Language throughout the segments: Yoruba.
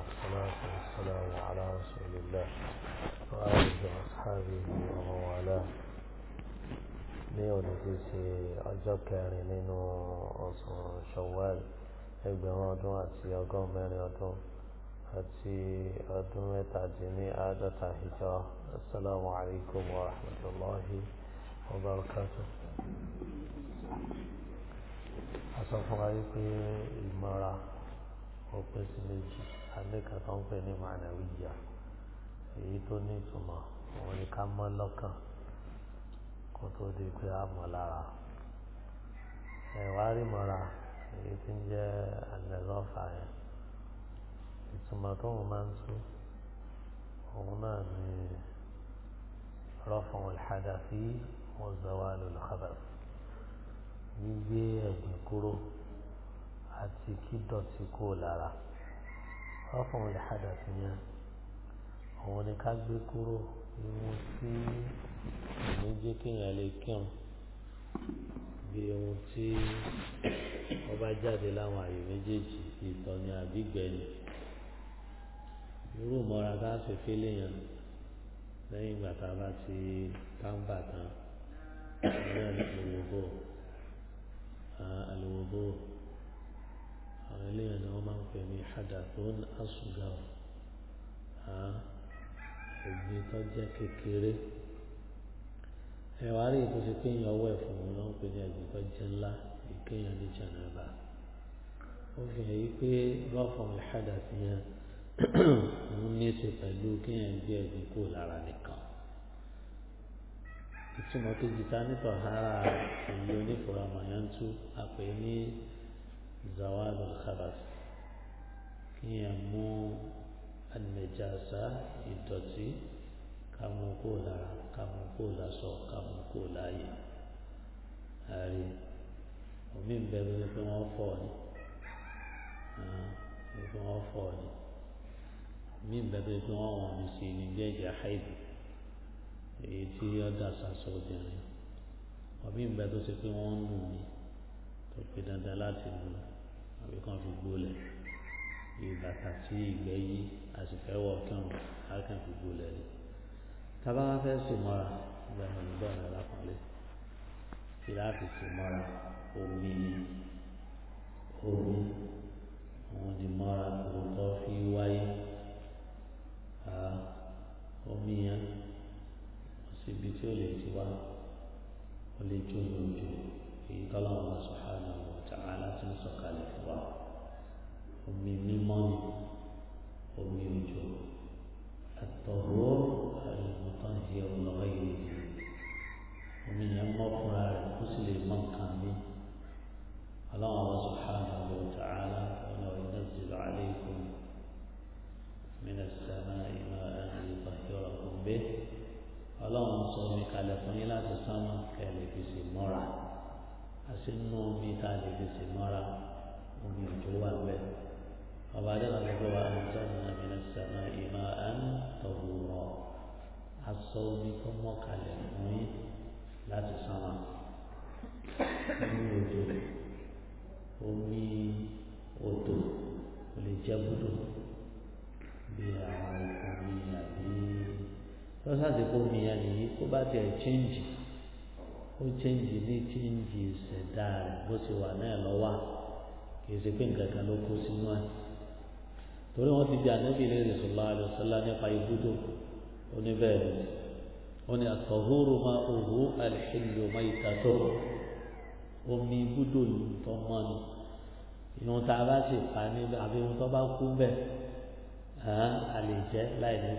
والصلاة والسلام على رسول الله وآله وأصحابه ومن والاه ní òní ti ṣe ọjọ́ kẹrin nínú ọ̀sán Shawwal ẹgbẹ̀rún ọdún àti ọgọ́rùn mẹ́rin ọdún àti ọdún mẹ́tàdínní àádọ́ta hijra assalamu alaikum wa rahmatullahi wa barakatuh a sọ fún wa yìí pé ìmọ̀ra òpin sí méjì alẹ́ kan tó ń pè ní mànàwíyà èyí tó ní ìtumọ̀ òun ni ká mọ́ lọ́kàn kó tó di pé a mọ̀ lára ẹ̀wá rí mọ́ra èyí tí ń jẹ́ àlẹ́lọ́fà yẹn ìtumọ̀ tó ń máa ń tú òun náà ni rọ́fọ̀n ìhàdàfí wọ́n zọwọ́ lọ́lọ́kàbàs gbígbé ẹ̀gbìn kúrò àti kí dọ̀tí kúrò lára rọ́fún ìlàdà sí yẹn òun ni ká gbé kúrò ohun tí òun jẹ́ kéèyàn lè kírun bí ohun tí wọ́n bá jáde láwọn àyè méjèèjì ìtọ́ni àbígbẹ̀yìn irú ìmọ̀ra tá a ṣe fẹ́lẹ̀ yẹn lẹ́yìn ìgbà tá a bá ti táǹbà tán ní àlùwòbó àlùwòbó àwọn eléyàn ni pè ní hadathun asghar ẹ̀gbin tó jẹ́ kékeré ẹ̀wà rí ìtúnṣe kéèyàn ọwọ́ ẹ̀fọn wọn ló ń pè ní ẹ̀gbin tó jẹ́ ńlá kéèyàn ní jẹ̀nàbà ó fi hàn yìí pé rọ́fọ̀ hadath yẹn ń ní ṣe pẹ̀lú kéèyàn gbé ẹ̀gbin kúrò lára nìkan ìtumọ̀ kejì ta ní tọ̀hárà èyí onífọ̀rọ̀ àmọ̀yántú àpè ní zawadu khabas kíyàn mú ànìjàsá ìdọ̀tí kàmú kó lára kàmú kó lásọ kàmú kó láàyè ààrẹ omi ń bẹ lórí pé wọ́n fọ̀ ni lórí pé wọ́n fọ̀ ni omi ń bẹ lórí pé wọ́n wọ̀n mi sí ní bí ẹ̀jẹ̀ àìdù èyí tí ọ̀dà sàṣọ obìnrin omi ń bẹ tó ṣe pé wọ́n ń nù ni tó pe dandan láti nù àbí kan fi gbólẹ̀ ìbàtà sí ìgbẹ́ yìí a sì fẹ́ wọ kí wọn á kàn fi gbolẹ̀ ni tábà wá fẹ́ sùn mọ́ra ìgbà ìmọ̀ nígbà ọ̀nà alákọ̀ọ́lẹ̀ kí láti sùn mọ́ra omi omi òun ni mọ́ra òótọ́ fi wáyé omi yẹn kò tí ó lè ti wá ó lè jó lójú èyí tọ́lọ́mọba subhanahu wa ta'ala ti ń sọ̀kalẹ̀ fún wa. kalẹ̀ fún yín láti sánmọ́ kẹ́ ẹ lè fi sì mọ́ra àti nínú omi tá a lè fi sì mọ́ra omi òjò wà bẹ́ẹ̀. ọba adé náà lọ́gbọ́ wa àǹtọ́nù àmìnà sàmà ìmọ̀ àn tọ̀wúrọ̀ aṣọ omi tó mọ́ kalẹ̀ fún yín láti sánmọ́ omi òjò omi odò kò lè jẹ́ gbúdọ̀ bí àwọn ọkùnrin àbí lọ́sàtì kó mi yẹn nìyí kó bá tiẹ̀ chíńjì ó chíńjì ní chíńjì ìṣẹ̀dá rẹ̀ bó ti wà náà lọ́wọ́ kì í ṣe pé nǹkan kan ló kó sínú ẹ̀ torí wọ́n ti di ànábì léèrè sọlá àlùsọlá nípa ibùdó oníbẹ̀rẹ̀ ó ní àtọ̀húrù máa òhù àlìṣèlú máa ìtàtọ̀ omi ibùdó tó mọ́ ni ìwọ̀n tá a bá sì pa níbẹ̀ àbí ìwọ̀n tó bá kú bẹ́ẹ̀ àlè jẹ́ láì ní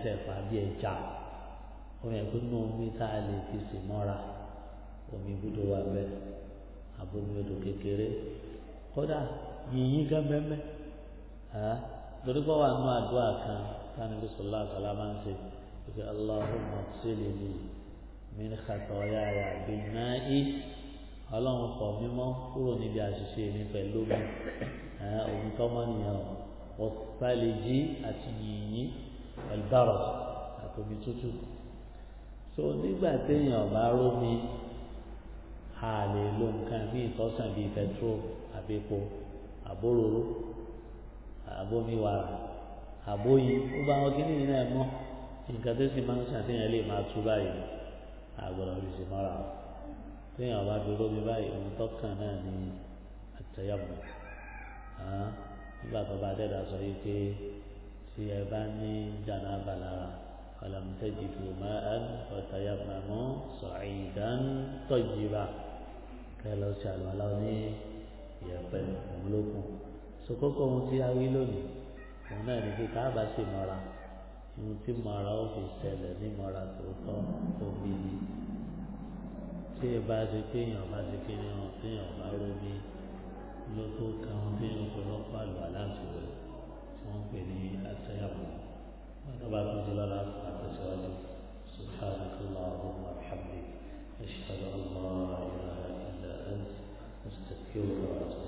omi ẹ̀kọ́ nínú omi tá a lè fi sè mọ́ra omi ibùdó wa bẹ́ẹ̀ abomi odò kékeré kódà yìnyín gan bẹ́ẹ̀ torí pé wà nínú àdúrà kan táwọn ibi sọ̀rọ̀ àtàlà máa ń ṣe ìfẹ́ Allahumma sílẹ̀ mi mi ní kàtà ọ̀yà rẹ̀ àbí náà í ọlọ́run fọ̀ mímọ́ kúrò níbi àṣìṣe mi pẹ̀lú mi omi tọ́mọ́ ọ̀pá lè jí àti yìnyín ẹ̀dọ́rọ̀ àtòmí tútù so nígbà téèyàn bá rómi a lè lo nǹkan bíi ìtọ́sàn bíi pẹtrol àbípo àbóróró àbómi wàrà àbóyí ó bá wọn kí nìyí náà mọ nǹkan tó sì máa ń ṣàtìyàn lè máa tú báyìí àgbọ̀dọ̀ fi sì mọ́ra o téèyàn bá dúró mi báyìí ohun tó náà ni àtẹ̀yàmọ̀ nígbà tó bá dẹ́dà sọ yìí pé tí ẹ bá ní jàǹdà bàlára alam تجدوا ماء فتيمموا صعيدا طيبا قالوا سألوا لوني يبن ni ya متياوي لوني suku نكي كعبة سمارا ni مارا وفي سيلة نمارا توتو وميني tí ẹ bá ṣe pé èèyàn bá ṣe kí ni wọn tí èèyàn bá rómi ló tó ka wọn tí èèyàn ọ̀pọ̀lọpọ̀ àlọ aláǹtí rẹ tí wọn ń pè ní àṣẹyàwó wọn tó اللهم وبحمدك أشهد أن لا إله إلا أنت أستغفرك وأتوب